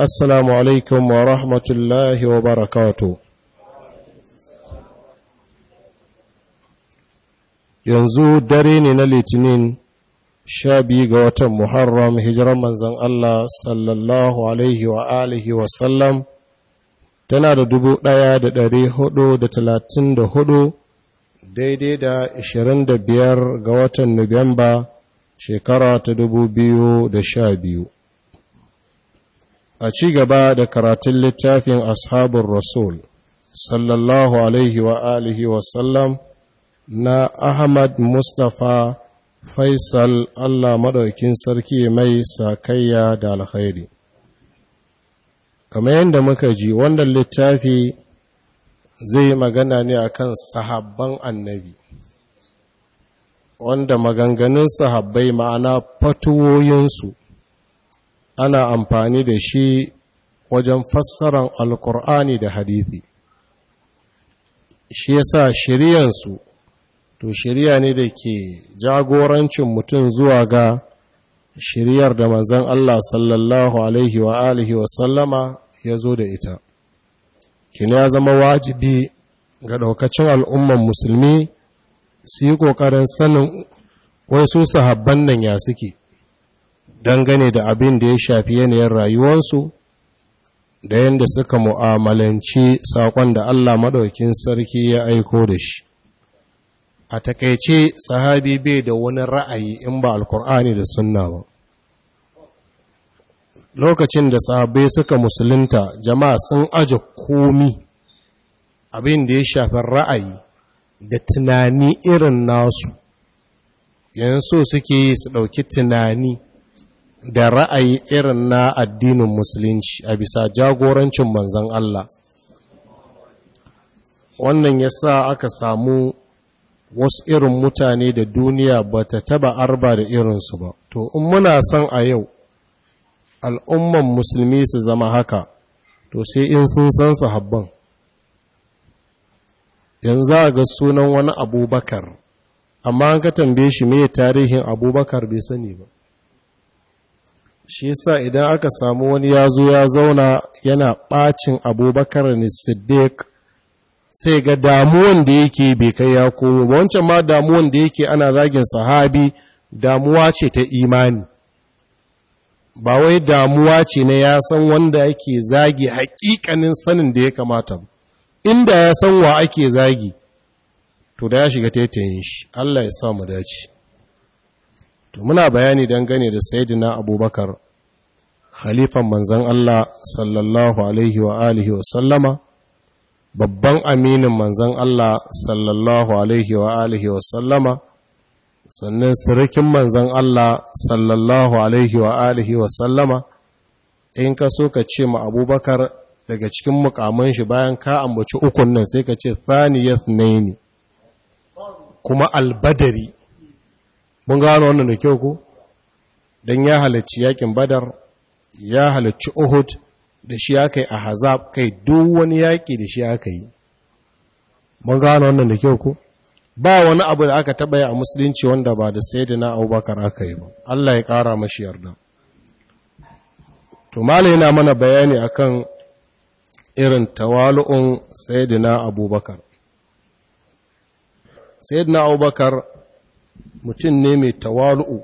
السلام wa rahmatullahi wa وبركاته yanzu dare ne na litinin sha biyu ga watan muharram hijiran manzan Allah sallallahu tana da dubu ɗaya da ɗari hudu da talatin da hudu daidai da ashirin da biyar ga watan nuwamba shekara ta dubu biyu da sha biyu a ci gaba da karatun littafin ashabun rasul sallallahu alaihi wa alihi wasallam na ahmad mustapha faisal allah maɗaukin sarki mai sakayya da alkhairi kamar yadda muka ji wannan littafi zai magana ne akan sahabban annabi wanda maganganun sahabbai ma'ana fatuwoyinsu ana amfani da shi wajen fassaran alkur'ani da hadithi shi yasa shiryansu to shirya ne da ke jagorancin mutum zuwa ga shiryar da manzan Allah sallallahu alaihi wa alihi wa sallama ya zo da ita Kini ya zama wajibi ga daukacin al'umman musulmi su yi ƙoƙarin sanin wai su sahabban nan ya suke dangane da abin da ya shafi yanayin rayuwarsu da yadda suka mu'amalanci saƙon da Allah maɗaukin sarki ya aiko da shi. A takaice sahabi bai da wani ra'ayi in ba alkur'ani da sunna ba. Lokacin da sahabai suka musulunta jama'a sun aje komi abin da ya shafi ra'ayi da tunani irin nasu, yanzu suke yi su ɗauki tunani. da ra'ayi irin na addinin musulunci a bisa jagorancin manzan Allah wannan ya sa aka samu wasu irin mutane da duniya ba ta taba arba da irinsu ba to in muna son a yau al'umman musulmi su zama haka to sai in sun san su sahabban yanzu a ga sunan wani abubakar amma an ka tambaye shi mai tarihin abubakar bai sani ba shi yasa idan aka samu wani ya zo ya zauna yana ɓacin abubakar ne siddiq sai ga damuwan da yake bai kai ya komo ba wancan ma damuwan da yake ana zagin sahabi damuwa ce ta imani ba wai damuwa ce na ya san wanda yake zagi hakikanin sanin da ya kamata ba inda ya san wa ake zagi to da ya shiga taitayin shi Allah ya sa mu dace to muna bayani dangane da sayyidina Abubakar khalifan manzan Allah sallallahu alaihi wa alihi wa sallama babban aminin manzan Allah sallallahu alaihi wa alihi wa sallama sannan sirikin manzan Allah sallallahu alaihi wa alihi wa sallama in ka so ka ce ma abubakar daga cikin mukamman shi bayan ka ambaci ukun nan sai ka ce thaniyat naini kuma albadari mun gano wannan da kyau ko dan ya halarci yakin badar ya halarci Uhud da shi aka yi a hazab kai duk wani yaƙi da shi aka yi mun gano wannan da kyau ko ba wani abu da aka taɓa yi a musulunci wanda ba da saidina abubakar aka yi ba allah ya ƙara mashi yarda to yana mana bayani akan irin tawalu'un sayyidina abubakar sayyidina abubakar mutum ne mai tawalu'u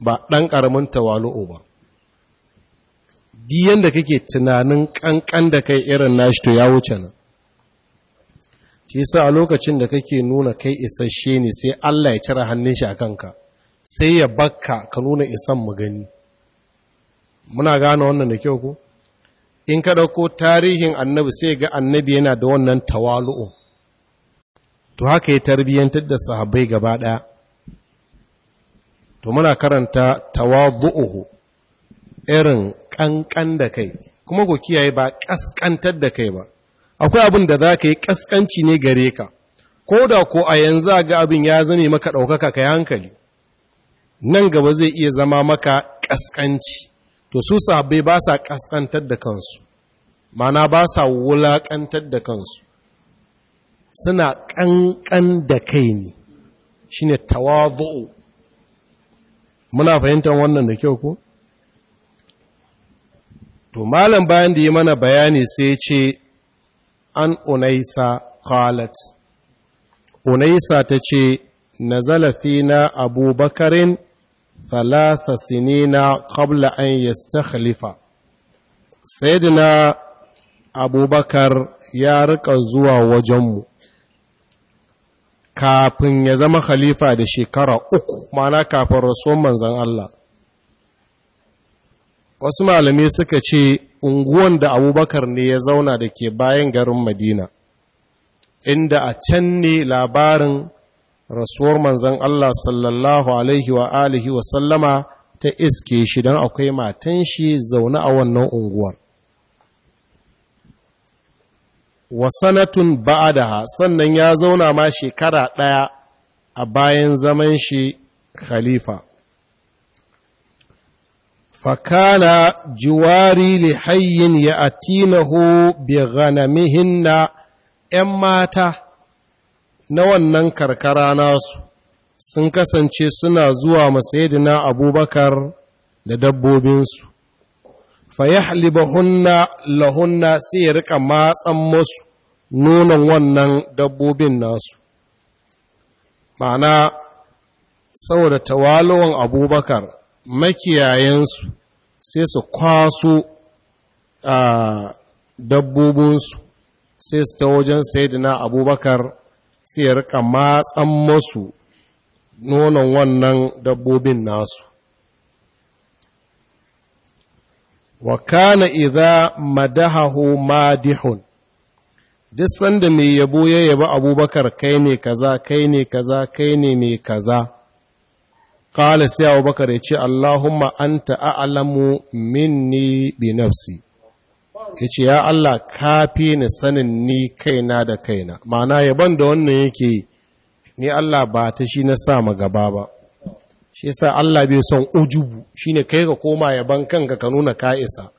ba ɗan ƙaramin tawalu'u ba di yadda kake tunanin kankan da kai irin nashi to ya wuce nan shi sa a lokacin da kake nuna kai isasshe ne sai Allah ya cire hannun shi a kanka sai ya baka ka nuna isan mu gani muna gane wannan da kyau ko in ka dauko tarihin annabi sai ga annabi yana da wannan tawalu'u to haka ya tarbiyyantar da sahabbai gaba daya to muna karanta tawabu'u irin ƙanƙan da kai kuma ko kiyaye ba ƙasƙantar da kai ba akwai abin da za ka yi ƙasƙanci ne gare ka ko da ko a yanzu a ga abin ya zane maka ɗaukaka ka yi hankali nan gaba zai iya zama maka ƙasƙanci to su sabai ba sa ƙasƙantar da kansu mana ba sa wulaƙantar da kansu suna ƙanƙan da kai ne shine tawadu'u muna fahimtar wannan da kyau ko to malam bayan da yi mana bayani sai ce an unaisa qalat unaisa ta ce na zalafi na abubakarin thalatha na qabla an yastakhlifa na abubakar ya rika zuwa wajenmu kafin ya zama khalifa da shekara uku mana kafin rasuwan manzan Allah wasu malamai suka ce unguwan da abubakar ne ya zauna da ke bayan garin madina inda a can ne labarin rasuwar manzan Allah sallallahu alaihi wa alihi wa sallama ta iske shi don akwai matan shi zaune a wannan unguwar wa sanatun ba'adaha sannan ya zauna ma shekara ɗaya a bayan zaman shi khalifa Fakana jiwari فكان جواري لحي يأتينه بغنمهن ‘yan mata na wannan karkara nasu sun kasance suna zuwa masayidina abubakar da dabbobinsu, fayahlibahunna lahunna sai ya rika matsan masu nonon wannan dabbobin nasu. Ma'ana, saboda tawalowan abubakar makiyayensu sai su kwaso a dabbobinsu sai su ta wajen sayidina abubakar sai ya rika matsan masu nonon wannan dabbobin nasu wa kana idza madahahu madihun duk sanda mai yabo ya yaba abubakar kai ne kaza kai ne kaza kai ne mai kaza Kala sai Abu Bakar ya ce, Allahumma anta a'lamu minni bi nafsi. Ya ce, Ya Allah, ka fi ni sanin ni kaina da kaina. Mana yaban da wannan yake ni Allah ba ta shi na sa gaba ba. Shi sa Allah bai son ujubu shine kai ka koma yaban kanka ka nuna ka isa.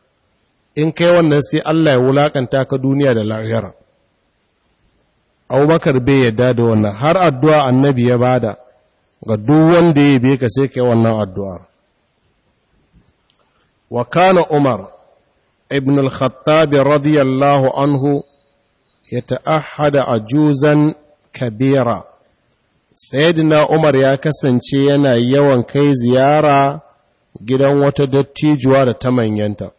In kai wannan sai Allah ya wulakanta ka duniya da lahira. Abubakar bai yadda da wannan har addu'a annabi ya bada. ga duk wanda ya be ka sai ka yi wannan addu'ar wa kana umar ibn al-khattab radiyallahu anhu ya ta'ahada a juzan kabira sayyidina umar ya kasance yana yawan kai ziyara gidan wata dattijuwa da ta manyanta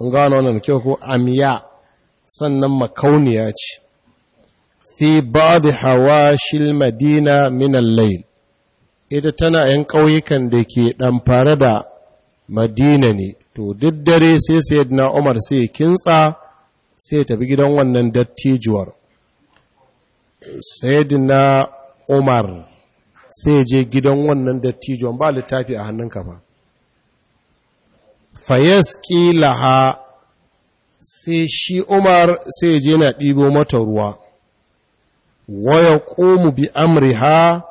mun gano nan kyau ko amiya sannan makauniya ce fi hawa shi madina min al ita tana yan ƙauyukan da ke ɗan fara da madina ne to duk dare sai sayyidina umar sai kintsa sai tafi gidan wannan dattijuwar sayyidina umar sai je gidan wannan dattijuwar ba littafi a hannun kafa ƙila laha sai shi umar sai je na ɗibo mata ruwa waya komu bi amriha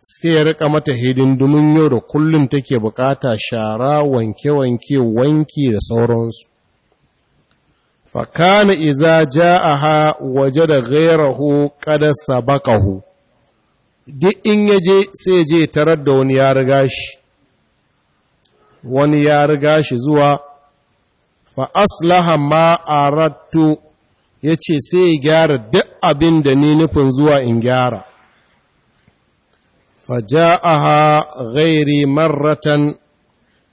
sai ya rika mata hidindumin yau da kullum take bukata shara wanke-wanke wanki da sauransu fakana iza ha waje da gairahu kada sabakahu duk in yaje sai je tarar da wani ya riga shi wani ya riga shi zuwa fa aslaha ma ratu. ya ce sai ya gyara duk abin da ni nufin zuwa in gyara faja'aha ghairi marratan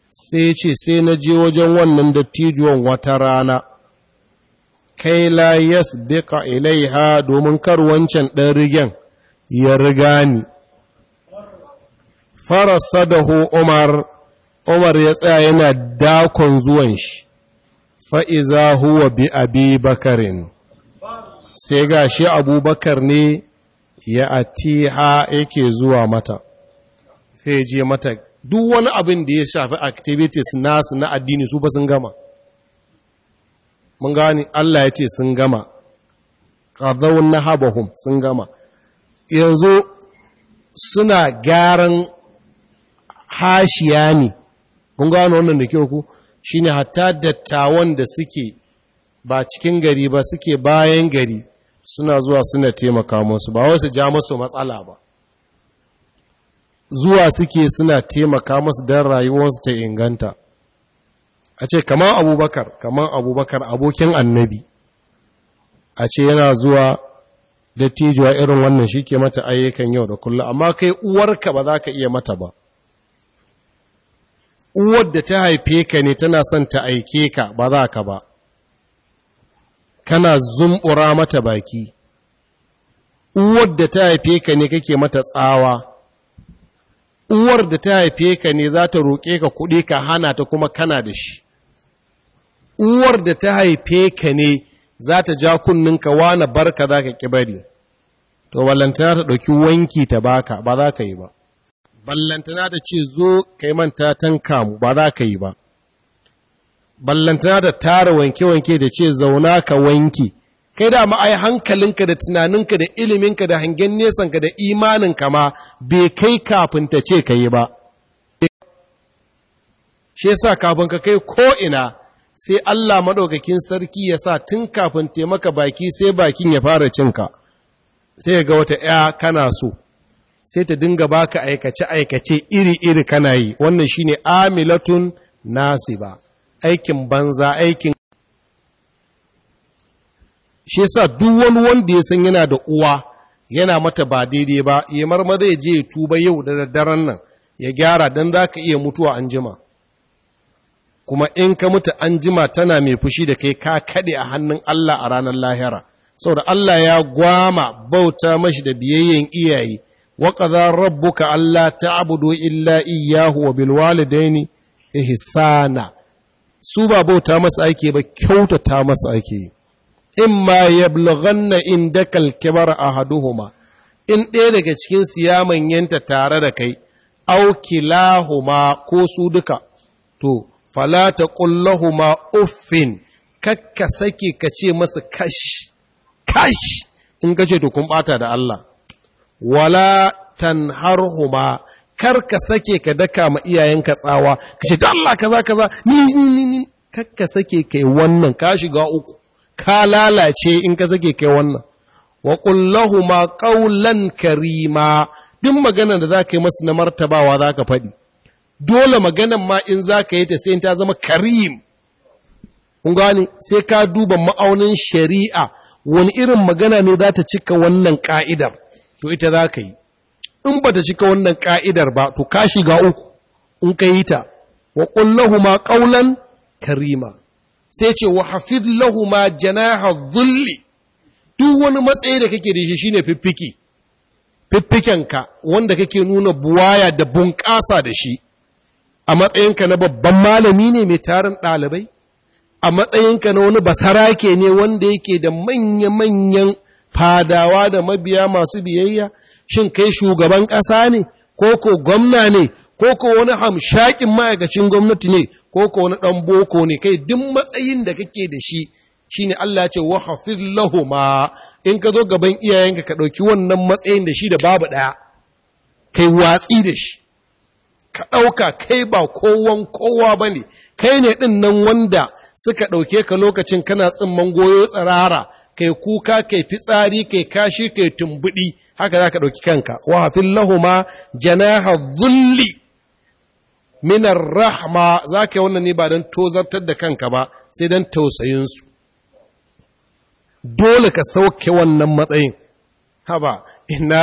sai ce sai na je wajen wannan dattijuwan wata rana kai la yasbiqa ilaiha domin kar wancan ɗan rigen ya riga ni farasadahu umar umar ya tsaya yana dakon zuwan shi fa'iza huwa bi abi bakarin sai ga shi abubakar ne ya atiha yake zuwa mata sai je mata duk wani abin da ya shafi activities nasu na addini su ba sun gama mun gani Allah ya ce sun gama qadawun nahabahum sun gama yanzu suna gyaran hashiya ne Mun gano wannan da kyau ku shine hatta dattawan da suke ba cikin gari ba suke bayan gari suna zuwa suna taimaka musu ba wasu ja musu matsala ba zuwa suke suna taimaka musu don rayuwarsu ta inganta a ce kama abubakar kamar abubakar abokin annabi a ce yana zuwa tijuwa irin wannan shi ke mata ayyukan yau da kullum amma kai uwarka ba za ka iya mata ba uwar da ta haife ka ne tana son ta aike ka ba za ka ba kana zumbura mata baki uwar da ta haife ka ne kake mata tsawa uwar da ta haife ka ne za ta roƙe ka kuɗi ka hana ta kuma kana da shi uwar da ta haife ka ne za ta ja kunninka wane barka za ka ƙibari to ballantana ta ɗauki wanki ta baka ba za ka yi ba ballantana ta ce zo ka yi manta tanka mu ba za ka yi ba ballantana da tara wanke-wanke da ce zauna ka wanke kai da ma ai hankalinka da tunaninka da iliminka da hangen nesanka da imaninka ma bai kai kafin ta ce ka yi ba shi sa kafin ka kai ko'ina sai Allah maɗaukakin sarki ya sa tun kafin taimaka baki sai bakin ya fara cinka sai ga wata ‘ya kana so sai ta dinga baka aikace-aikace iri-iri kana yi wannan shi ne amilatun nasiba aikin banza aikin shi sa duk wani wanda ya san yana da uwa yana mata ba daidai ba ya marma ya je ya tuba yau da daddaren nan ya gyara don za ka iya mutuwa an jima kuma in ka mutu an jima tana mai fushi da kai ka kaɗe a hannun Allah a ranar lahira saboda Allah ya gwama bauta mashi da biyayyen iyaye wa Allah rabbuka alla ta'budu illa iyyahu wa bil walidaini ihsana su ba bauta masu aiki ba kyautata masa ake in ma ya yablughanna in dakal kibar ahaduhuma in ɗaya daga cikin ya manyanta tare da kai aukilahuma ko su duka to falata taqul lahumu uffin kakka sake ka ce masa kash kash in kace to kun bata da Allah wala tanharhuma kar ka sake ka daka ma iyayenka tsawa ka ce Allah kaza kaza ni ni ni kar ka sake kai wannan ka shiga uku ka lalace in ka sake kai wannan wa qul lahumu qawlan karima duk magana da zaka yi masu na martabawa zaka faɗi dole maganar ma in zaka yi ta sai ta zama karim kun sai ka duba ma'aunin shari'a wani irin magana ne za ta cika wannan ka'idar to ita za ka yi in ba ta cika wannan ka'idar ba to ka shiga uku in ka yi ta wa ma ƙaunan karima sai ce wa hafiz lahuma janaha zulli. duk wani matsayi da kake da shi shine fiffiki fiffikenka wanda kake nuna buwaya da bunƙasa da shi a matsayinka na babban malami ne mai tarin ɗalibai a matsayinka na wani basarake ne wanda yake da manya-manyan fadawa da mabiya masu biyayya shin kai shugaban ƙasa ne ko ko gwamna ne ko ko wani hamshakin ma'aikacin gwamnati ne ko ko wani ɗan boko ne kai duk matsayin da kake da shi shi ne Allah ce wa hafiz lahuma in ka zo gaban iyayenka ka ɗauki wannan matsayin da shi da babu ɗaya kai watsi da shi ka ɗauka kai ba kowan kowa ba ne kai ne ɗin nan wanda suka ɗauke ka lokacin kana tsimman goyo tsirara kai kuka kai fitsari kai kashi kai tumbudi haka za ka ɗauki kanka wa hafin lahuma janaha zulli minar rahma za ka yi wannan ne ba dan tozartar da kanka ba sai don tausayinsu dole ka sauke wannan matsayin haba ina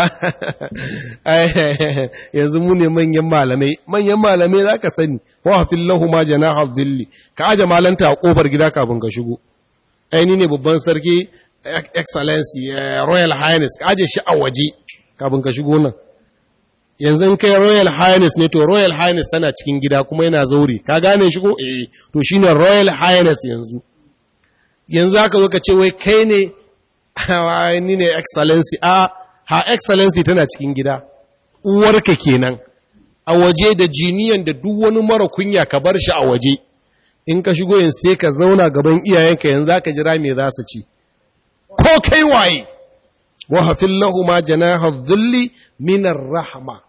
yanzu mu ne manyan malamai manyan malamai za ka sani wa hafin lahuma janaha zulli ka aje malanta a ƙofar gida kafin ka shigo aini eh, ne babban sarki eh, excellency eh, royal highness aje shi a waje kafin ka shigo nan yanzu in kai royal highness ne to royal highness tana cikin gida kuma yana zauri ka gane shigo? eh to shine royal highness yanzu yanzu aka zo ka ce wai kai ne ni ne excellency a ha excellency tana cikin gida uwarka kenan a waje da jiniyan da duk wani mara kunya ka bar shi a waje in ka shigo yin sai ka zauna gaban iyayenka yanzu ka jira me za su ci ko kai waye wa hafil lahuma janaha dhilli min rahma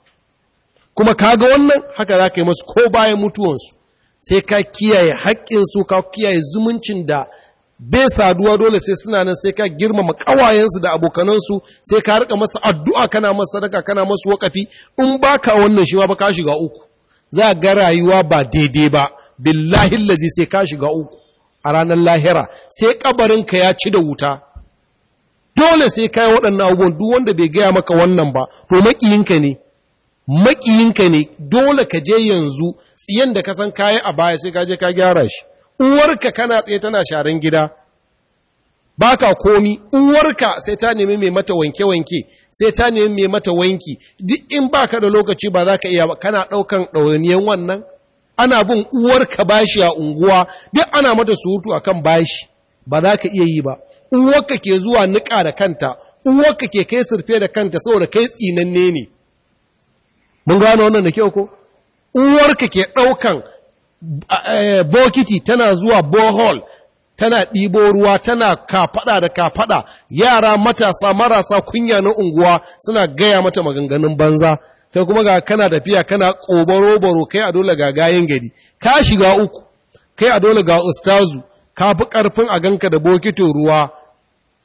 kuma ka ga wannan haka za ka yi masu ko bayan mutuwansu sai ka kiyaye haƙƙinsu ka kiyaye zumuncin da bai saduwa dole sai suna nan sai ka girmama ƙawayensu da abokanansu sai ka rika masa addu'a kana masa sadaka kana masu wakafi in baka wannan shi ba ka shiga uku za ga rayuwa ba daidai ba billahi lazi sai ka shiga uku a ranar lahira sai ka ya ci da wuta dole sai ka yi waɗannan abubuwan duk wanda bai gaya maka wannan ba to maƙiyinka ne maƙiyinka ne dole ka je yanzu tsiyan da ka san kayi a baya sai ka je ka gyara shi uwarka kana tsaye tana sharan gida baka komi uwarka sai ta nemi mai mata wanke-wanke sai ta nemi mai mata wanki duk in baka da lokaci ba za ka iya ba kana ɗaukan ɗawainiyan wannan ana bin uwarka bashi a unguwa duk ana mata surutu akan bashi ba za ka iya yi ba uwarka ke zuwa niƙa da kanta uwarka ke kai surfe da kanta saboda kai tsinanne ne mun gano wannan da kyau ko uwarka ke ɗaukan eh, bokiti tana zuwa bohol tana ɗibo ruwa tana kafaɗa da kafaɗa yara matasa marasa kunya na unguwa suna gaya mata maganganun banza kai kuma ga kana tafiya kana ƙobaro-baro kai a dole ga gayen gari ka shiga uku kai a dole ga ustazu ka fi ƙarfin a ganka da bokitin ruwa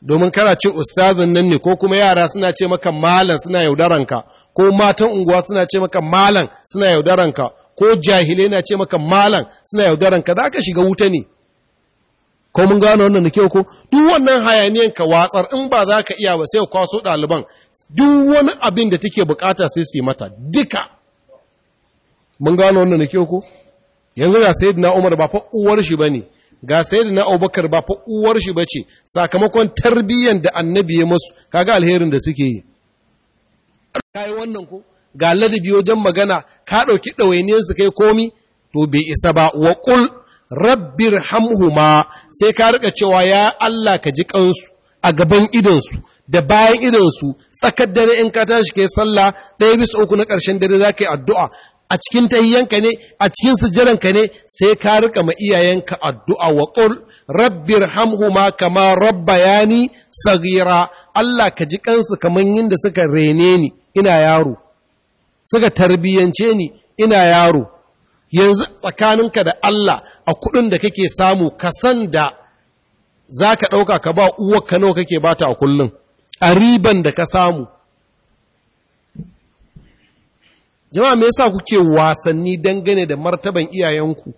domin kana ce ustazin nan ne ko kuma yara suna ce maka malam suna yaudaranka ko matan unguwa suna ce maka malam suna yaudaranka ko jahilai na ce maka malam suna yaudaranka za ka shiga wuta ne ko mun gano wannan da kyau ko duk wannan hayaniyan ka watsar in ba za ka iya ba sai kwaso ɗaliban duk wani abin da take bukata sai su yi mata duka mun gano wannan da kyau ko yanzu ga sayyidina Umar ba fa uwar shi bane ga sayyidina Abubakar ba fa uwar shi bace sakamakon tarbiyyar da annabi ya musu kaga alherin da suke yi kai wannan ko ga ladabi wajen magana ka ɗauki dawainiyar su kai komi to bai isa ba wa qul rabbirhamhuma sai ka rika cewa ya Allah ka ji kansu a gaban idonsu da bayan su tsakar dare in ka tashi yi sallah ɗaya bisa uku na ƙarshen dare za ka yi addu'a a cikin tahiyyanka ne a cikin sujjaranka ne sai ka rika ma iyayenka addu'a wa ƙul rabbir hamhuma kama rabbayani saghira Allah ka ji kansu kaman yinda suka rene ni ina yaro suka tarbiyyance ni ina yaro yanzu tsakaninka da Allah a kuɗin da kake samu ka san da ka ɗauka ka ba uwarka nawa kake bata a kullum a riban da ka samu jama'a me yasa kuke wasanni dangane da martaban iyayenku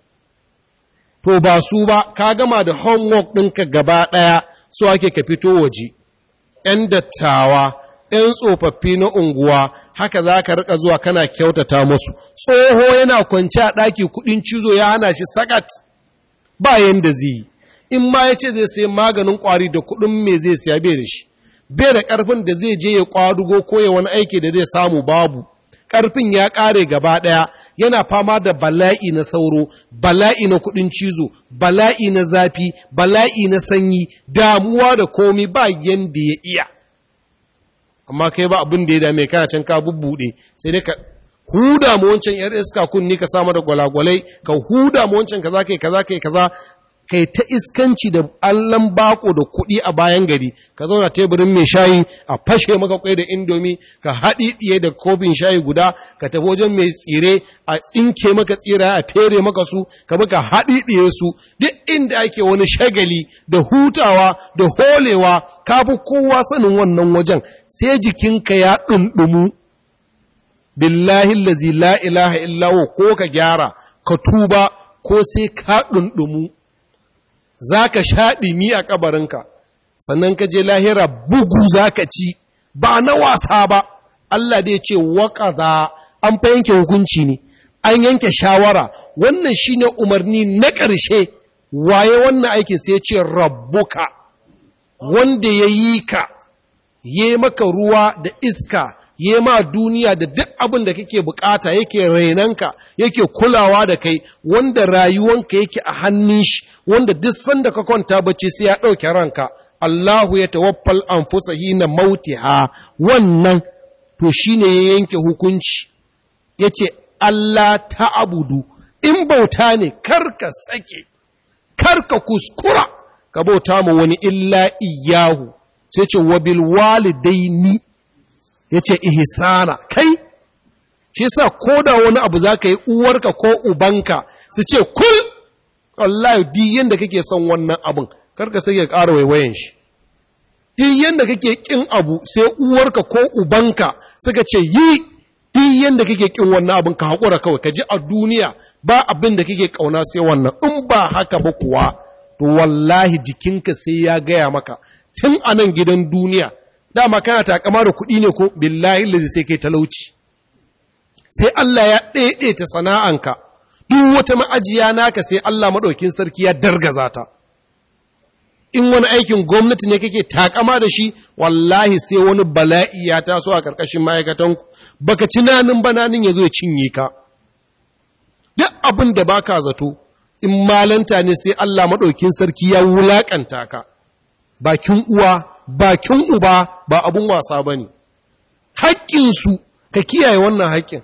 to ba su ba ka gama da homework ɗinka gaba ɗaya su ake ka fito waje ‘yan dattawa ‘yan tsofaffi na unguwa haka za ka riƙa zuwa kana kyautata musu tsoho yana kwanci a ɗaki kuɗin cizo ya hana shi sakat ba yanda zai yi in ma ya ce zai sayi maganin ƙwari da kuɗin me zai siya bai da shi bai da ƙarfin da zai je ya ƙwadugo ko ya wani aiki da zai samu babu ƙarfin ya ƙare gaba ɗaya yana fama da bala'i na sauro bala'i na kuɗin cizo bala'i na zafi bala'i na sanyi damuwa da komi ba yanda ya iya amma kai ba abin da ya dame kana can ka bubbuɗe sai dai ka huda mu wancan yar iska kunni ka samu da gwalagwalai ka huda mu wancan kaza kai kaza kai kaza kai ta iskanci da allon bako da kuɗi a bayan gari ka zauna teburin mai shayi a fashe maka kwai da indomi ka haɗi ɗiye da kofin shayi guda ka tafi wajen mai tsire a tsinke maka tsira a fere maka su ka maka haɗi ɗiye su duk inda ake wani shagali da hutawa da holewa ka fi kowa sanin wannan wajen sai jikinka ya ɗumɗumu billahi lazi la ilaha illawo ko ka gyara ka tuba ko sai ka ɗunɗumu za ka sha ɗimi a ƙabarinka sannan ka je lahira bugu za ka ci ba na wasa ba Allah dai ce za an fa yanke hukunci ne an yanke shawara wannan shi ne umarni na ƙarshe waye wannan aikin sai ce rabbuka wanda ya yi ka ya maka ruwa da iska ya ma duniya da duk abin da kake bukata yake rainanka yake kulawa da kai wanda rayuwanka yake a hannun shi wanda duk sanda ka kwanta bacci sai ya ɗauke ranka Allahu ya tawaffal na mauti mautiha wannan to shine ya yanke hukunci yace Allah ta abudu in bauta ne karka sake karka kuskura ka bauta mu wani illa iyahu sai ce wabil walidaini ya ce ihisana kai shi sa ko da wani abu za ka yi uwarka ko ubanka su ce kul wallahi di yadda kake son wannan abin karka sai ya ƙara waiwayen shi di yadda kake ƙin abu sai uwarka ko ubanka suka ce yi di yadda kake ƙin wannan abin ka haƙura kawai ka ji a duniya ba abin da kake ƙauna sai wannan in ba haka ba kuwa to wallahi jikinka sai ya gaya maka tun anan gidan duniya dama kana takama da kuɗi ne ko billahi lazi sai kai talauci sai Allah ya ta sana'anka duk wata ma'ajiya naka sai Allah maɗaukin sarki ya dargaza ta in wani aikin gwamnati ne kake takama da shi wallahi sai wani bala'i ya taso a ƙarƙashin ma'aikatanku baka ci nanin bananin ya zo ya cinye ka duk abin da baka zato in malanta ne sai Allah maɗaukin sarki ya wulaƙanta ka bakin uwa bakin uba ba abun wasa ba ne haƙƙinsu ka kiyaye wannan haƙƙin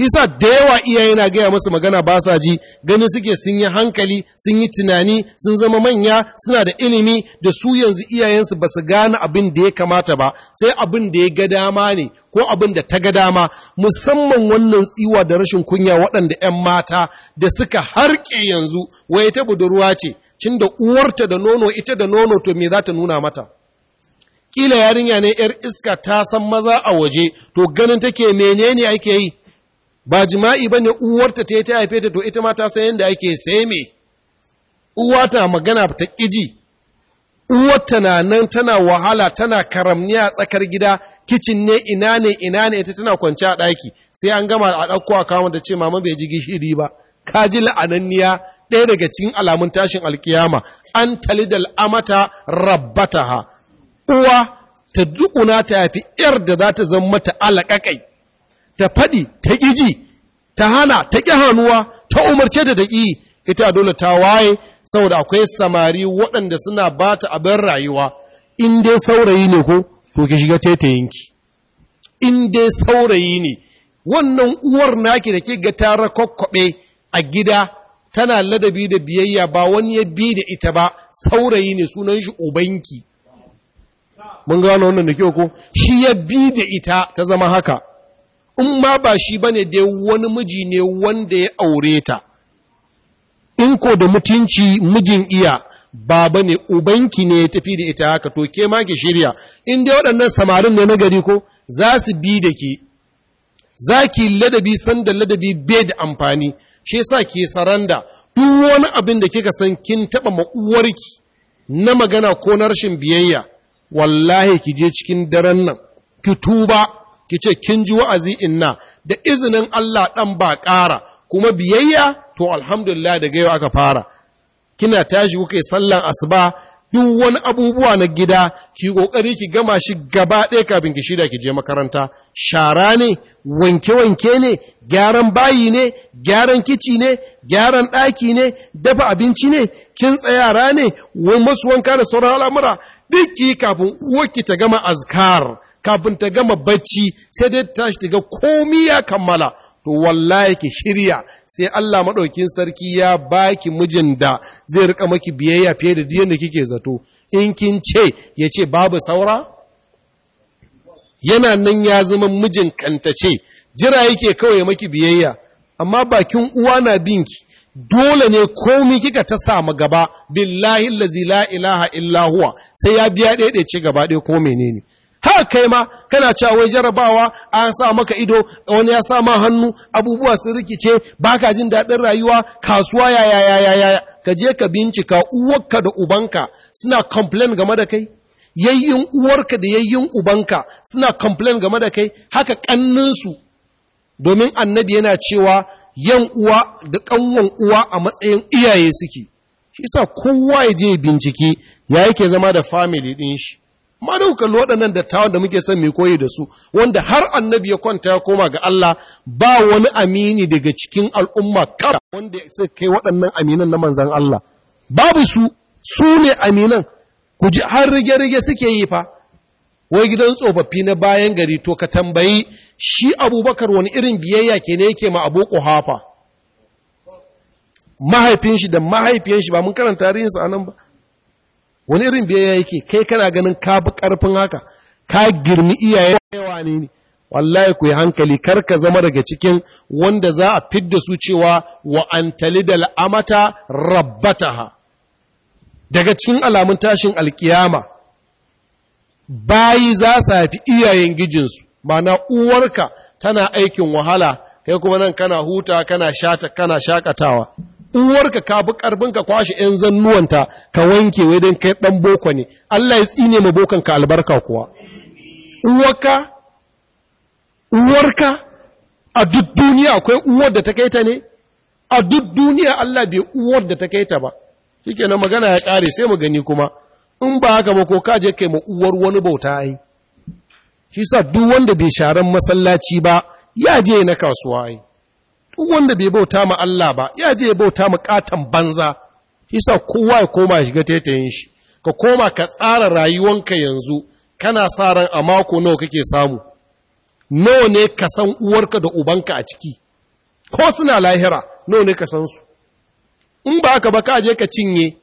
shi da yawa iyaye na gaya masu magana ba sa ji ganin suke sun yi hankali sun yi tunani sun zama manya suna da ilimi da su yanzu iyayensu ba su gane abin da ya kamata ba sai abin da ya ga dama ne ko abin da ta ga dama musamman wannan tsiwa da rashin kunya waɗanda 'yan mata da suka harƙe yanzu wai ta budurwa ce cin da uwarta da nono ita da nono to me za ta nuna mata kila yarinya ne ‘yar iska ta san maza a waje, to ganin take menene ake yi, ba jima'i ba ne uwarta ta ta haife ta to ita ma ta san yadda ake sai me, uwa ta magana ta ƙiji, uwarta na nan tana wahala tana karamniya a tsakar gida, kicin ne ina ne ina ne ita tana kwance a ɗaki, sai an gama a ɗauko a kama da ce mama bai ji gishiri ba, ka ji la'ananniya ɗaya daga cikin alamun tashin alkiyama, an talidal amata rabbataha. uwa ta dukuna ta yafi ‘yar da za ta zama mata alaƙaƙai, ta faɗi, ta ƙiji, ta hana, ta ƙi hannuwa, ta umarce da ta ita dole ta waye, saboda akwai samari waɗanda suna ba ta abin rayuwa, in dai saurayi ne ko, to ki shiga taitayinki. In dai saurayi ne, wannan uwar naki da ke ga ta rakwakwaɓe a gida tana ladabi da biyayya ba wani ya bi da ita ba, saurayi ne sunan shi ubanki. mun gano wannan da kyau ko shi ya bi da ita ta zama haka in ma ba shi bane da wani miji ne wanda ya aure ta in ko da mutunci mijin iya baba ne ubanki ne ya tafi da ita haka to ke ma ki shirya in dai waɗannan samarin ne na gari ko za su bi da ke za ki ladabi sanda ladabi bai da amfani shi yasa ke saranda duk wani abin da kika san kin taɓa ma uwarki na magana ko na rashin biyayya wallahi ki je cikin daren nan ki tuba ki ce kin ji wa'azi inna da izinin Allah ɗan ba ƙara kuma biyayya to alhamdulillah daga yau aka fara kina tashi kuka yi sallan asuba duk wani abubuwa na gida ki ƙoƙari ki gama shi gaba ɗaya kafin ki shida ki je makaranta shara ne wanke wanke ne gyaran bayi ne gyaran kici ne gyaran ɗaki ne dafa abinci ne kin tsayara ne wani masu wanka da sauran al'amura duk ki kafin uwarki ta gama azkar kafin ta gama bacci sai dai ta tashi ga komi ya kammala to wallahi ki shirya sai Allah maɗaukin sarki ya baki mijin da zai rika maki biyayya fiye da diyan da kike zato in kin ce ya ce babu saura yana nan ya zama mijin kantace jira yake kawai maki biyayya amma bakin uwa na binki dole ne komi kika ta samu gaba billahi allazi la ilaha illa sai ya biya ɗaya ce gaba ɗaya ko menene haka kai ma kana cewa wai jarabawa an sa maka ido wani ya sa ma hannu abubuwa sun rikice baka jin daɗin rayuwa kasuwa ya ya ya ya ka je ka bincika uwarka da ubanka suna complain game da kai yayyin uwarka da yayyin ubanka suna complain game da kai haka ƙanninsu domin annabi yana cewa yan uwa da ƙanwan uwa a matsayin iyaye suke shi sa kowa ya je bincike ya yake zama da family ɗin shi ma da kuka waɗannan dattawan da muke son mai koyi da su wanda har annabi ya kwanta ya koma ga Allah ba wani amini daga cikin al'umma kara wanda ya kai waɗannan aminan na manzan Allah babu su su ne aminan ku ji har rige-rige suke yi fa wai gidan tsofaffi na bayan gari to ka tambayi shi abubakar wani irin biyayya ke ne yake ma abu kuhafa mahaifin shi da mahaifiyan shi ba mun karanta tarihinsa a nan ba wani irin biyayya yake kai kana ganin ka bi karfin haka ka girmi iyaye yawa ne ne wallahi ku yi hankali kar ka zama daga cikin wanda za a fidda su cewa wa antali da al'amata rabbataha daga cikin alamun tashin alkiyama bayi za su haifi iyayen gijinsu ma'ana uwarka tana aikin wahala kai kuma nan kana huta kana shata kana shakatawa uwarka ka bi karbin ka kwashe yan zannuwanta ka wanke wai dan kai dan boko ne Allah ya tsine ma bokan ka albarka kuwa uwarka uwarka a duk duniya akwai uwar da ta kai ta ne a duk duniya Allah bai uwar da ta kai ta ba shikenan magana ya kare sai mu gani kuma in ba haka ba ko ka je kai ma uwar wani bauta ai shi sa duk wanda bai sharan masallaci ba ya je na kasuwa ai duk wanda bai bauta ma Allah ba ya je bauta ma katan banza shi sa kowa ya koma shiga tetayen shi ka koma ka tsara rayuwanka yanzu kana sa ran a mako nawa kake samu nawa ne ka san uwarka da ubanka a ciki ko suna lahira nawa ne ka san su in ba haka ba ka je ka cinye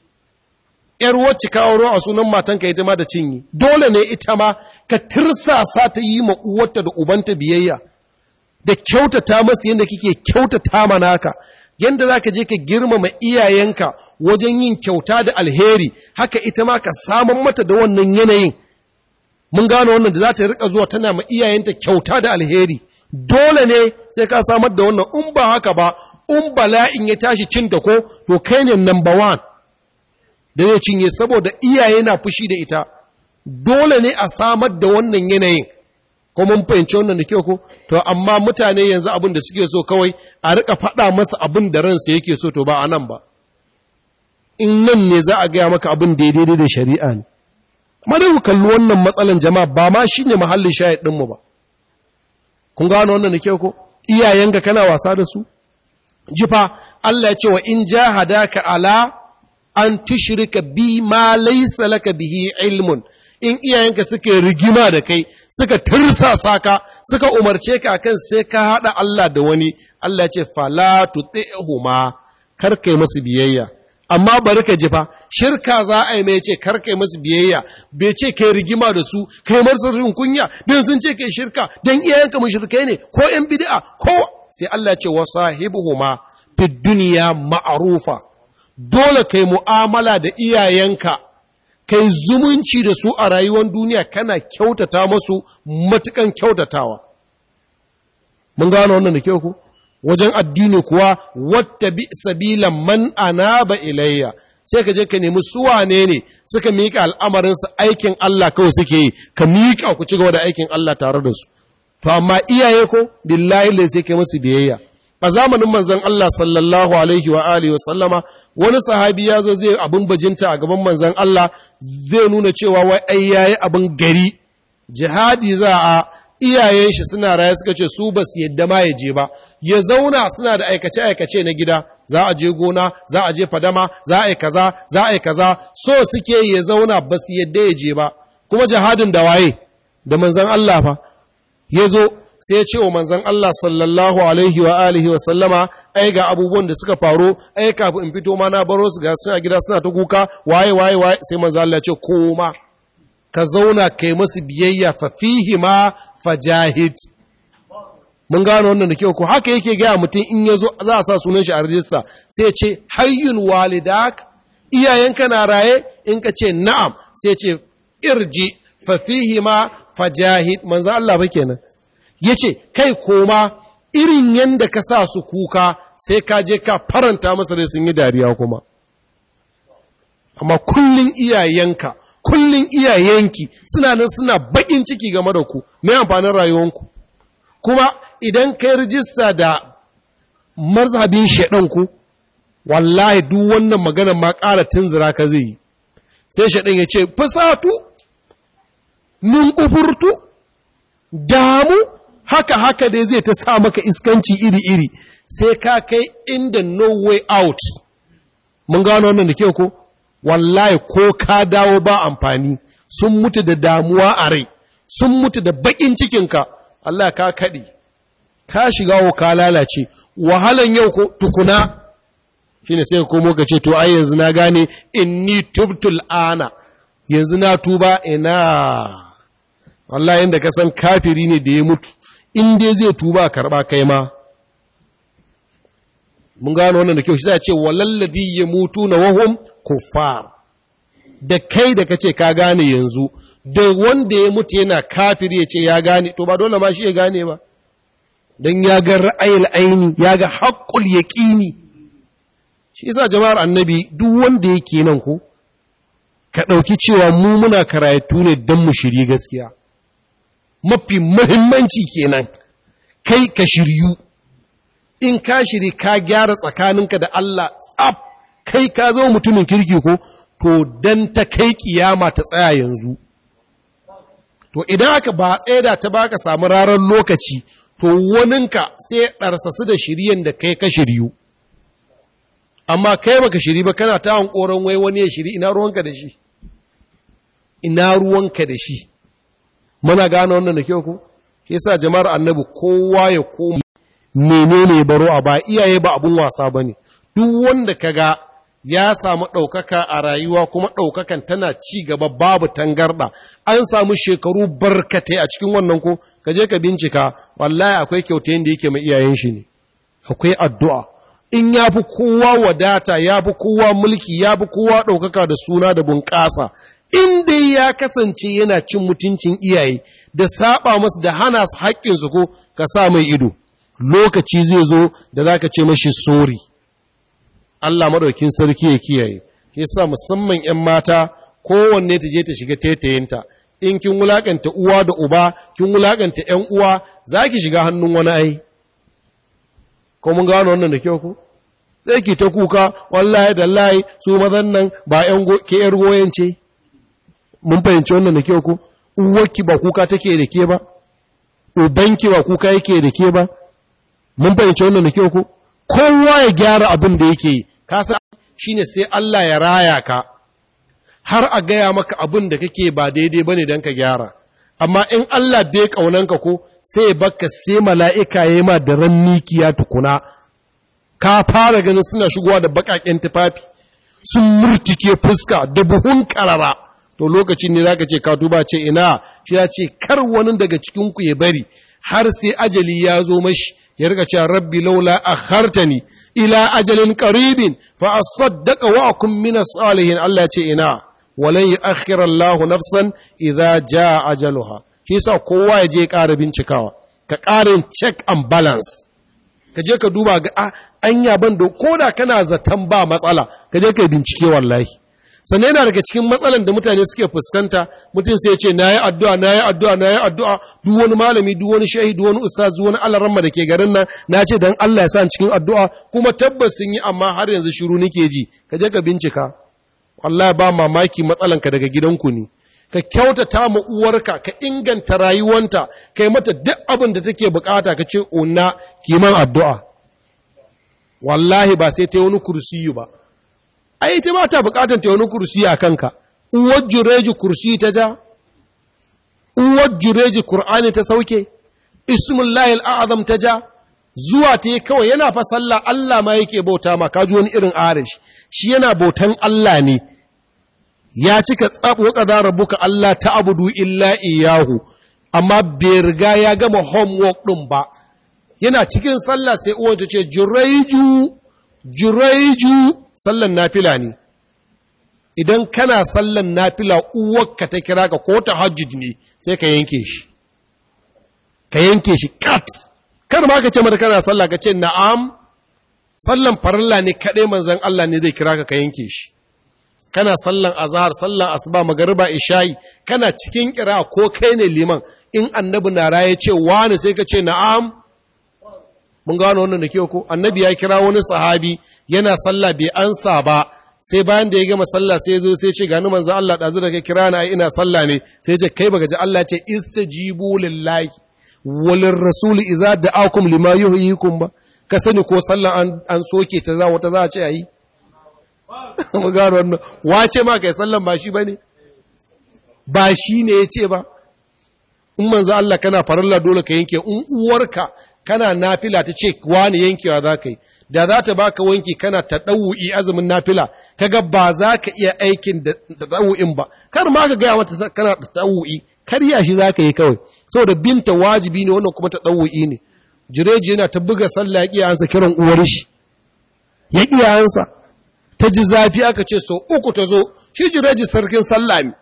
‘yar wacce ka auro a sunan matanka ita ma da cinye, dole ne ita ma ka tirsasa ta yi ma uwarta da ubanta biyayya, da kyautata masu yadda kike kyautata manaka, yadda za ka je ka girmama iyayenka wajen yin kyauta da alheri, haka ita ma ka saman mata da wannan yanayin. Mun gano wannan da za ta riƙa zuwa tana ma iyayenta kyauta da alheri, dole ne sai ka samar da wannan in ba haka ba, in bala'in ya tashi cin da ko, to kai ne number one. da zai cinye saboda iyaye na fushi da ita dole ne a samar da wannan yanayin ko mun fahimci wannan da kyau ko to amma mutane yanzu abin da suke so kawai a rika faɗa masa abin da ransa yake so to ba a nan ba in nan ne za a gaya maka abin daidai da shari'a ne madai ku kalli wannan matsalan jama'a ba ma shine mahallin shayar ɗinmu ba kun gano wannan da kyau ko iyayenka kana wasa da su jifa Allah ya ce wa in jahadaka ala an ka bi ma laisa laka bihi ilmun in iyayenka suka rigima da kai suka tursasa ka suka umarce ka akan sai ka haɗa Allah da wani Allah ce fala tuti'huma kar kai musu biyayya amma bari ka jifa shirka za a yi mai ce kar kai masu biyayya bai ce kai rigima da su kai marsa kunya don sun ce kai shirka don iyayenka mun mushrikai ne ko yan bid'a ko sai Allah ce wasahibuhuma fid duniya ma'arufa dole kai mu'amala da iyayenka kai zumunci da su a rayuwar duniya kana kyautata masu matukan kyautatawa mun gano wannan da kyau ku wajen addini kuwa wata bi sabilan man anaba ilayya sai ka je ka nemi su wanene ne suka miƙa al'amarinsu aikin Allah kawai suke yi ka miƙa ku ci da aikin Allah tare da su to amma iyaye ko billahi lai sai kai musu biyayya a zamanin manzon Allah sallallahu alaihi wa alihi wa sallama wani sahabi ya zo zai abin bajinta a gaban manzan Allah zai nuna cewa wai ai yayi abin gari jihadi za a iyayen shi suna raye suka ce su ba su yadda ma ya je ba ya zauna suna da aikace aikace na gida za a je gona za a je fadama za a yi kaza za a yi kaza so suke ya zauna ba su yadda ya ba kuma jihadin da waye da manzan Allah fa ya zo sai ce wa manzan Allah sallallahu alaihi wa alihi wa sallama ai ga abubuwan da suka faru ai kafin in fito ma na baro su ga suna gida suna ta kuka waye waye waye sai manzan Allah ce koma ka zauna kai masu biyayya fa fihi ma fajahid mun gano wannan da kyau ko haka yake gaya mutum in ya zo za a sa sunan shi a rajista sai ce hayyun walidak iyayenka na raye in ka ce na'am sai ce irji fa fihi ma fajahid manzan Allah ba kenan ya ce kai koma irin yadda ka sa su kuka sai ka je ka faranta masa da sun yi dariya kuma amma kullum iyayenka kullum iyayenki suna nan suna bakin ciki game da ku mai amfanin rayuwanku kuma idan kai rijista da mazhabin shaɗanku wallahi duk wannan magana ma ƙara tunzira ka zai yi sai shaɗan ya ce fusatu ninkufurtu damu haka haka dai zai ta sa maka iskanci iri-iri sai ka kai inda no way out mun gano wannan da ke ko wallahi ko ka dawo ba amfani sun mutu da damuwa a rai sun mutu da bakin cikinka Allah ka kaɗi ka shiga wa ka lalace wahalan yau ko tukuna ne sai komo ka ce to ai yanzu na gane inni tubtul ana yanzu na tuba ina wallahi inda ka san kafiri ne da ya mutu in dai zai tuba karɓa kai ma mun gano wannan da kyau shi zai ce ya mutu na hum kuffar da kai da kace ka gane yanzu da wanda ya mutu yana kafir ya ce ya gane to ba dole ma shi ya gane ba don ya ga ra'ayil aini ya ga haƙƙul yaƙini shi yasa jama'ar annabi duk wanda yake nan ko ka ɗauki cewa mu muna karayatu ne don mu shiri gaskiya mafi muhimmanci kenan kai ka shiryu in ka shiri ka gyara tsakaninka da Allah tsaf kai ka zo mutumin kirki ko to dan ta kai kiyama ta tsaya yanzu to idan aka ba tsaida ta baka samu raran lokaci to waninka sai ɗarsasu da shiryen da kai ka shiryu amma kai baka shiri ba kana ta hankoron wai wani ya shiri ina ruwanka da shi ina ruwanka da shi muna gane wannan da kyau ku yasa jama'ar annabi kowa ya koma menene baro a ba iyaye ba abun wasa ba ne. duk wanda ka ga ya samu ɗaukaka a rayuwa kuma ɗaukakan tana ci gaba babu tangarda an samu shekaru barkatai a cikin wannan ko ka je ka bincika wallahi akwai kyautayin da yake mai iyayen shi ne akwai addu'a in ya fi kowa wadata ya fi kowa mulki ya fi kowa ɗaukaka da suna da bunƙasa In dai ya kasance yana cin mutuncin iyaye da saba masu da hana su haƙƙinsu ko ka sa mai ido lokaci zai zo da za ka ce mashi sori Allah maɗaukin sarki ya kiyaye ya sa musamman 'yan mata kowanne ta je ta shiga taitayinta in kin wulaƙanta uwa da uba kin wulaƙanta 'yan uwa za ki shiga hannun wani ai ko mun gano wannan da kyau ku sai ki ta kuka wallahi da layi su mazan nan ba 'yan ke 'yar goyon ce mun fahimci wannan da kyau ko uwarki ba kuka take da ke ba ubanki ba kuka yake da ke ba mun fahimci wannan da kyau ko kowa ya gyara abin da yake yi ka san shine sai Allah ya raya ka har a gaya maka abin da kake ba daidai bane dan ka gyara amma in Allah bai ƙaunanka ko sai baka sai mala'ika yayi ma da rannikiya tukuna ka fara ganin suna shigowa da bakaken tufafi sun murtike fuska da buhun karara to lokacin ne zaka ce ka tuba ce ina shi ya ce kar wani daga cikin ku ya bari har sai ajali ya zo mashi ya rika cewa rabbi laula akhartani ila ajalin qaribin fa asaddaqa wa akum min salihin Allah ya ce ina walan yu'akhkhira Allahu nafsan idza jaa ajaluha shi yasa kowa ya je ƙara bincikawa ka ƙarin check and balance ka je ka duba ga ah, anya ban da koda kana zaton ba matsala ka je ka bincike wallahi sannan yana daga cikin matsalan da mutane suke fuskanta mutum sai ce na yi addu'a na yi addu'a na yi addu'a duk wani malami duk wani shahi duk wani ustaz duk wani alaramma da ke garin nan na ce don Allah ya sa cikin addu'a kuma tabbas sun yi amma har yanzu shiru nake ji ka je ka bincika wallahi ba mamaki matsalan ka daga gidanku ne ka kyautata ma uwarka ka inganta rayuwanta kai mata duk abin da take bukata ka ce una kiman addu'a wallahi ba sai ta yi wani kursiyu ba ai ita ba ta bukatar ta wani kursi a kanka uwar jureji kursi ta ja uwar jureji Kur'ani ta sauke ismullahi al'azam ta ja zuwa ta yi kawai yana fa sallah Allah ma yake bauta ma kaji wani irin arish shi yana bautan Allah ne ya cika tsabu wa qadara rabbuka Allah ta abudu illa iyahu amma bai riga ya gama homework ɗin ba yana cikin sallah sai uwanta ce jiraiju, jiraiju. sallan nafila ne idan kana sallan nafila uwarka ta kira ka ko ta hajjid ne sai ka yanke shi ka yanke shi kat kar ma ka ce mata kana salla ka ce na'am sallan farilla ne kaɗai manzan Allah ne zai kira ka ka yanke shi kana sallan azhar sallan asuba magariba isha'i kana cikin kira ko kai ne liman in annabi na raye ce wani sai ka ce na'am mun gano wannan da ke ko annabi ya kira wani sahabi yana sallah bai ansa ba sai bayan da ya gama sallah sai zo sai ce gani manzo Allah dazu da ka kira na ina sallah ne sai ce kai baka ji Allah ce istajibu lillahi walin rasul idza da'akum lima yuhyikum ba ka sani ko sallah an soke ta za wata za a ce ayi Mun gano wannan wace ma kai sallan ba shi bane ba shi ne yace ba in manzo Allah kana farilla dole ka yanke in uwarka kana nafila ta ce wani yankewa za ka yi da za ta baka wanki kana ta ɗau'i azumin nafila kaga ba za ka iya aikin da ɗau'in ba kar ma ka gaya mata kana ta ɗau'i Kar shi za ka yi kawai saboda binta wajibi ne wannan kuma ta ɗau'i ne jireji yana ta buga sallah ya ƙiyansa kiran uwar shi ya ƙiyansa ta ji zafi aka ce so uku ta zo shi jireji sarkin sallah ne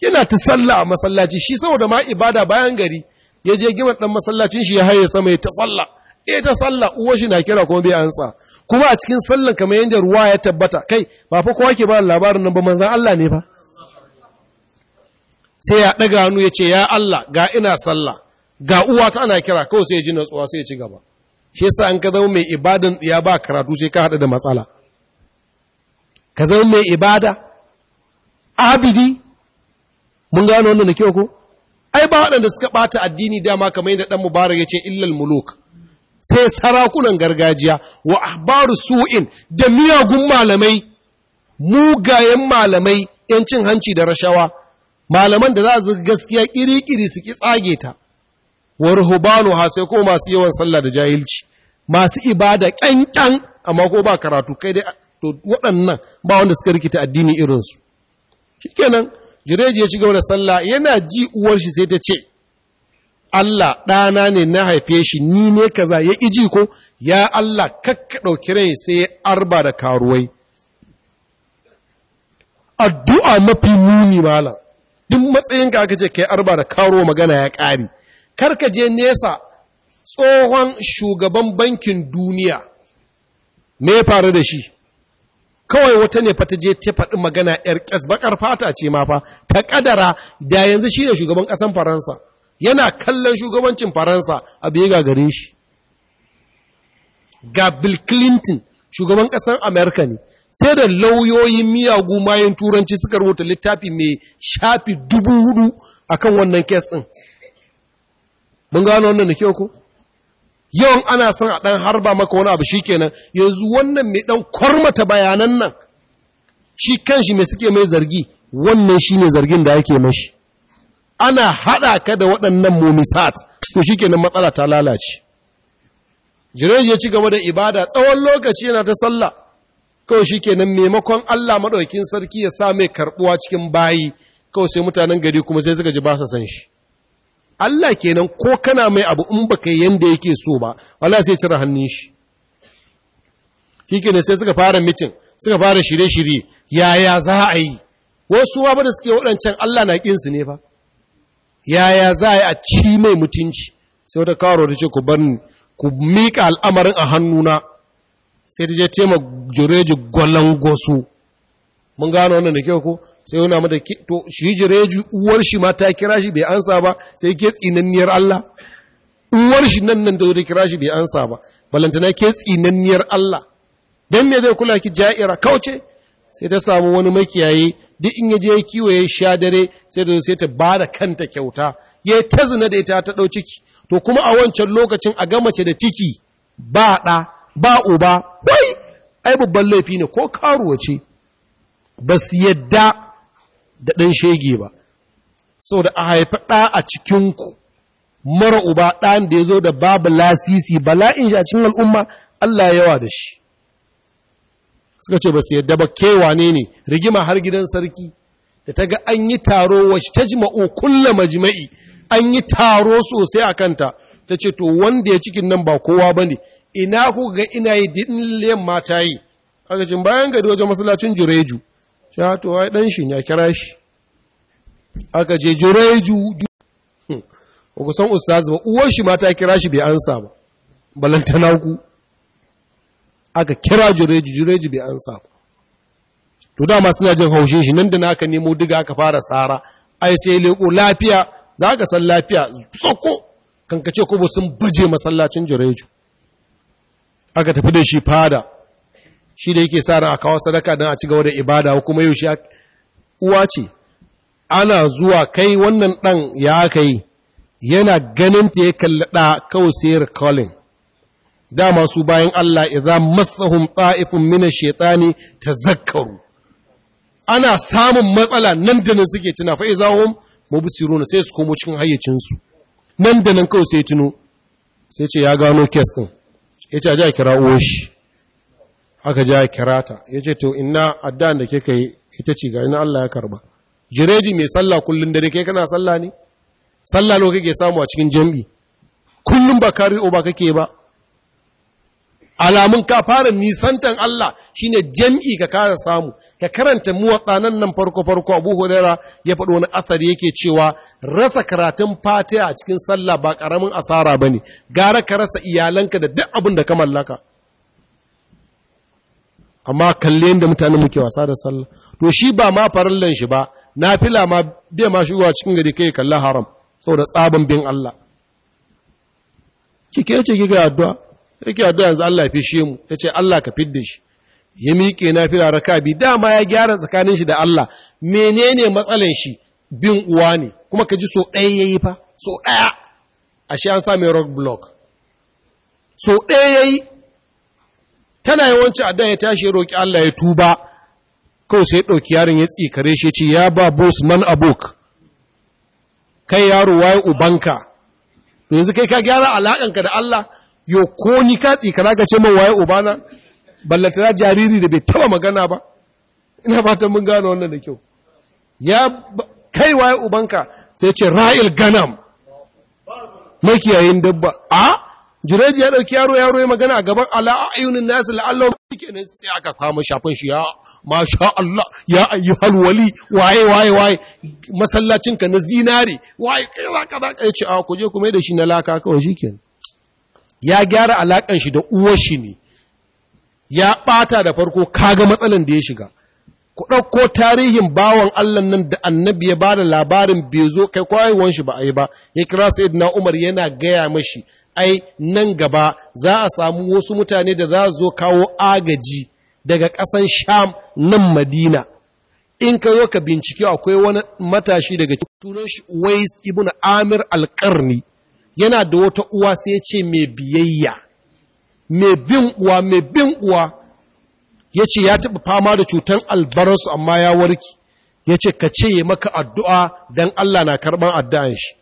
yana ta sallah a masallaci shi saboda ma ibada bayan gari ya je gima ɗan masallacin shi ya haye sama ya ta sallah ya ta sallah uwa shi na kira kuma bai ansa kuma a cikin tsallan kamar yadda ruwa ya tabbata kai ba fa kowa ke ba labarin nan ba manzan Allah ne ba sai ya ɗaga hannu ya ce ya Allah ga ina sallah ga uwa ta ana kira kawai sai ya ji natsuwa sai ya ci gaba shi yasa an ka zama mai ibadan ya ba karatu sai ka haɗu da matsala ka zama mai ibada abidi mun gano wannan da kyau ko ai ba waɗanda suka ɓata addini dama kamar yadda ɗan mubarak ya ce illal muluk sai sarakunan gargajiya wa ahbaru su'in da miyagun malamai mugayen malamai yancin hanci da rashawa malaman da za su gaskiya ƙiri-ƙiri su ki tsage ta wa ruhubanu ha sai ko masu yawan sallah da jahilci masu ibada ƙanƙan amma ko ba karatu kai dai waɗannan ba wanda suka rikita addini irinsu shikenan Jireji ya ci gaba da sallah yana ji uwar shi sai ta ce Allah ɗana ne na haife shi ni ne kaza ya iji ko ya Allah kakka ɗauki rai sai ya arba da karuwai addu'a mafi muni malam duk matsayinka aka ce kai arba da karo magana ya ƙare karka je nesa tsohon shugaban bankin duniya me faru da shi kawai wata ne fata je ta faɗi magana ƴar ƙas baƙar fata ce ma fa, ta ƙadara da yanzu shi ne shugaban ƙasan Faransa, yana kallon shugabancin Faransa a biye gare shi. Ga Bill Clinton, shugaban ƙasan Amerika ne, sai da lauyoyin miyagu mayan turanci suka rubuta littafi mai shafi dubu hudu a kan wannan kes ɗin. Mun gano wannan da kyau ko? yawan ana son a ɗan harba maka wani abu shikenan yanzu wannan mai ɗan kwarmata bayanan nan shi kanshi mai suke mai zargi wannan shi ne zargin da yake mashi ana haɗa ka da waɗannan mumisat to shikenan matsala ta lalace jirai ya ci gaba da ibada tsawon lokaci yana ta sallah kawai shikenan maimakon Allah maɗaukin sarki ya sa mai karɓuwa cikin bayi kawai sai mutanen gari kuma sai suka ji ba sa san shi Allah kenan ko kana mai abu in baka yi yanda yake so ba Allah sai cire hannun shi shikenan sai suka fara mitin suka fara shirye-shirye yaya za a yi wasu ba da suke waɗancan Allah na su ne ba yaya za a yi a ci mai mutunci sai wata karo da ce ku bar ni ku mika al'amarin a hannuna sai ta je tema jureji gwalangwasu mun gano wannan da kyau ko sai yana mata to shi jireji uwar shi ma ta kira shi bai ansa ba sai ke tsinanniyar Allah uwar shi nan nan da zo kira shi bai ansa ba balantana ke tsinanniyar Allah dan me zai kula ki ja'ira kauce sai ta samu wani makiyayi duk in yaje kiwo ya sha dare sai da sai ta da kanta kyauta ya ta zina da ita ta dau ciki to kuma a wancan lokacin a ga mace da ciki ba ɗa ba uba wai ai babban laifi ne ko karuwa ce ba su yadda da ɗan shege ba sau da a haifi ɗa a cikinku mara uba ɗan da ya zo da babu lasisi bala'in shi a cikin al'umma Allah yawa da shi suka ce ba su yadda ba kewa ne ne. rigima har gidan sarki da ta ga an yi taro shi ta jima'o kulla majima'i an yi taro sosai a kanta ta ce to wanda ya cikin nan ba kowa ba ne ina ku ga ina yi din liyan mata yi a bayan gari wajen masallacin jireju. shi hato wai ɗan shi ya kira shi aka je jureju hmm. ba ku san ustaz ba uwar shi ma ta kira shi bai ansa ba balantana ku aka kira jureju jureju bai ansa ba to dama suna jin haushin shi nan da naka nemo diga aka fara tsara ai sai leko lafiya za ka san lafiya tsoko kankace ko sun baje masallacin jureju aka tafi da shi fada shi da yake sa ran a kawo sadaka don a ci gaba da ibada kuma yau shi uwa ce ana zuwa kai wannan ɗan ya aka yi yana ganin ta ya kalli ɗa kawai sayar colin dama su bayan Allah za masahun ta'ifin mina shaitani ta zakaru ana samun matsala nan da nan suke tuna fa'i zahun mabusiruna sai su komo cikin hayyacinsu nan da nan kawai sai tuno sai ce ya gano kes ɗin ya ce a ji a kira uwo shi aka ja kirata ya ce to ina addan da kika yi ita ce ga Allah ya karba jireji mai sallah kullun da kai kana sallah ne sallah lo kake samu a cikin jami'i kullun ba kari ba kake ba alamun ka fara nisantan Allah shine jami'i ka kara samu ka karanta muwatsanan nan farko farko Abu hudara ya faɗo wani athari yake cewa rasa karatun Fatiha a cikin sallah ba karamin asara bane gara ka rasa iyalanka da duk abin da ka mallaka amma kalle yadda mutane muke wasa da sallah to shi ba ma farallan shi ba nafila ma bai ma shigowa cikin gari kai kalla haram saboda tsaban bin Allah kike ce kike addu'a kike addu'a yanzu Allah ya fishe mu yace Allah ka fidda shi ya miƙe nafila raka bi dama ya gyara tsakanin shi da Allah menene matsalan shi bin uwa ne kuma ka ji so ɗaya yayi fa so ɗaya ashe an sa mai rock block so ɗaya yayi tana yawanci addan ya tashi roƙi Allah ya tuba kawai sai ɗauki yaron ya tsikare shi ce ya ba bos man abok kai yaro waye ubanka to yanzu kai ka gyara alaƙanka da Allah yo ko ni ka tsikara ka ce min waye ubana ballatara jariri da bai taba magana ba ina fatan mun gane wannan da kyau ya kai waye ubanka sai ce ra'il ganam makiyayin dabba a ah? jureji ya ɗauki yaro yaro ya magana a gaban a ayyunin nasu la'allah nan sai aka kama shafin shi ya masha Allah ya ayyu halwali waye waye waye masallacin ka na zinare waye ka baka ya ce a kuje kuma da shi na laka kawai shikenan ya gyara alakan shi da uwar shi ne ya bata da farko kaga matsalan da ya shiga ku ɗauko tarihin bawan Allah nan da annabi ya bada labarin bai zo kai kwayewan shi ba a yi ba ya kira sayyidina Umar yana gaya mashi ai nan gaba za a samu wasu mutane da za zo kawo agaji daga ƙasan sham nan madina in ka zo ka bincike akwai wani matashi daga tunan wais ibn amir alƙarni yana da wata uwa sai ce mai biyayya mai bin uwa mai bin uwa ya ce ya taɓa fama da cutar albarasu amma ya warki ya ce ka ce maka addu'a don Allah na karɓar addu'an shi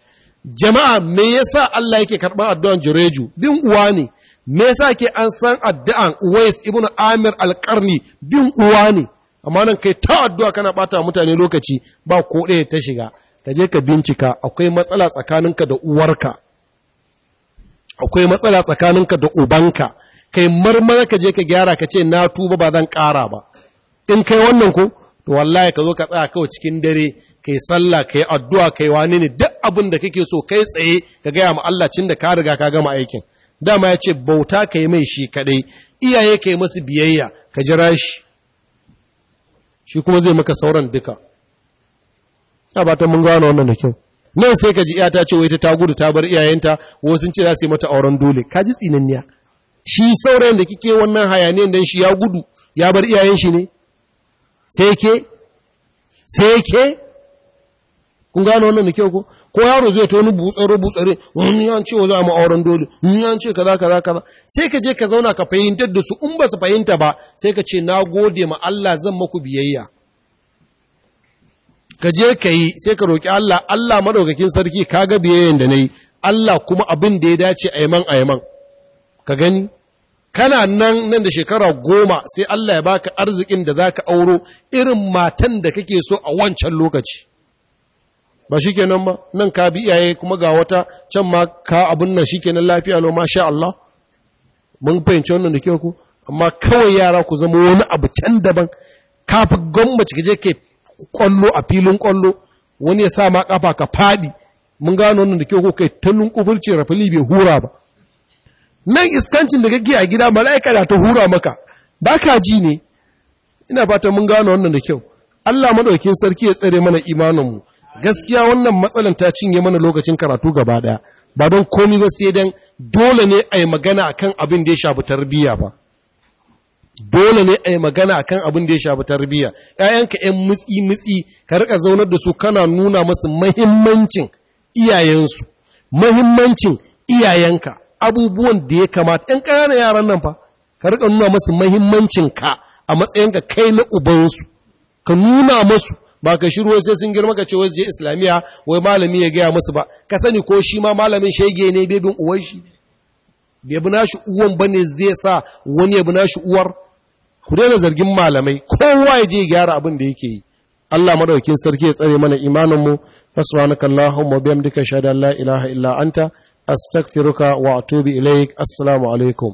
jama'a me yasa Allah yake karɓar addu'an jireju bin uwa ne me yasa ke an san addu'an Uwais ibn Amir al-Qarni bin uwa ne amma nan kai ta addu'a kana bata mutane lokaci ba ko ɗaya ta shiga ka je ka bincika akwai matsala tsakaninka da uwarka akwai matsala tsakaninka da ubanka kai marmara ka je ka gyara ka ce na tuba ba zan ƙara ba in kai wannan ko to wallahi ka zo ka tsaya kawai cikin dare kai sallah kai addu'a kai wani ne duk abin da kake so kai tsaye ka gaya ma Allah cin da ka riga ka gama aikin dama ya ce bauta kai mai shi kadai iyaye kai masu biyayya ka jira shi shi kuma zai maka sauran duka ta ba ta mun gano wannan da kyau nan sai ka ji iya ta ce wai ta ta gudu ta bar iyayenta wasun sun ce za su yi mata auren dole ka ji tsinanniya shi saurayin da kike wannan hayaniyan dan shi ya gudu ya bar iyayen shi ne sai ke sai ke kun gano wannan da kyau ko ko yaro zai ta wani butsare butsare wani yan ce za mu auren dole ni yan ce kaza kaza kaza sai ka je ka zauna ka fahimtar da su in ba su fahimta ba sai ka ce na gode ma Allah zan maku biyayya ka je ka yi sai ka roki Allah Allah madaukakin sarki kaga biyayyan da nayi Allah kuma abin da ya dace ayman ayman ka gani kana nan nan da shekara goma sai Allah ya baka arzikin da zaka auro irin matan da kake so a wancan lokaci ba shi kenan ba nan ka bi iyaye kuma ga wata can ma ka abin nan shi kenan lafiya lo ma Allah mun fahimci wannan da ke ku amma kawai yara ku zama wani abu can daban ka fi gwamnati ka je ke kwallo a filin kwallo wani ya sa ma kafa ka fadi mun gano wannan da ke ku kai ta kufurci rafili bai hura ba nan iskancin da kake a gida mala'ika da ta hura maka ba ka ji ne ina fatan mun gano wannan da kyau Allah madaukin sarki ya tsare mana imanin mu gaskiya wannan matsalan ta cinye mana lokacin karatu gaba daya ba don komi ba sai dan dole ne a yi magana a kan abin da ya shafi tarbiyya ba dole ne a yi magana a kan abin da ya shafi tarbiyya ‘ya'yanka ‘yan mutsi-mutsi ka rika zaunar da su kana nuna masu mahimmancin iyayensu mahimmancin iyayenka abubuwan da ya kamata ‘yan ƙananan yaran nan fa ka rika nuna masu mahimmancin ka a matsayinka kai na ubansu ka nuna masu ba ka shiru sai sun girma ka ce wai je islamiya wai malami ya gaya musu ba ka sani ko shi ma malamin shege ne bebin uwan shi bebi bi nashi uwan ne zai sa wani ya bi nashi uwar ku daina zargin malamai kowa ya je gyara abin da yake yi Allah madaukin sarki ya tsare mana imanin mu subhanaka allahumma bihamdika shada la ilaha illa anta astaghfiruka wa atubu ilaik assalamu alaikum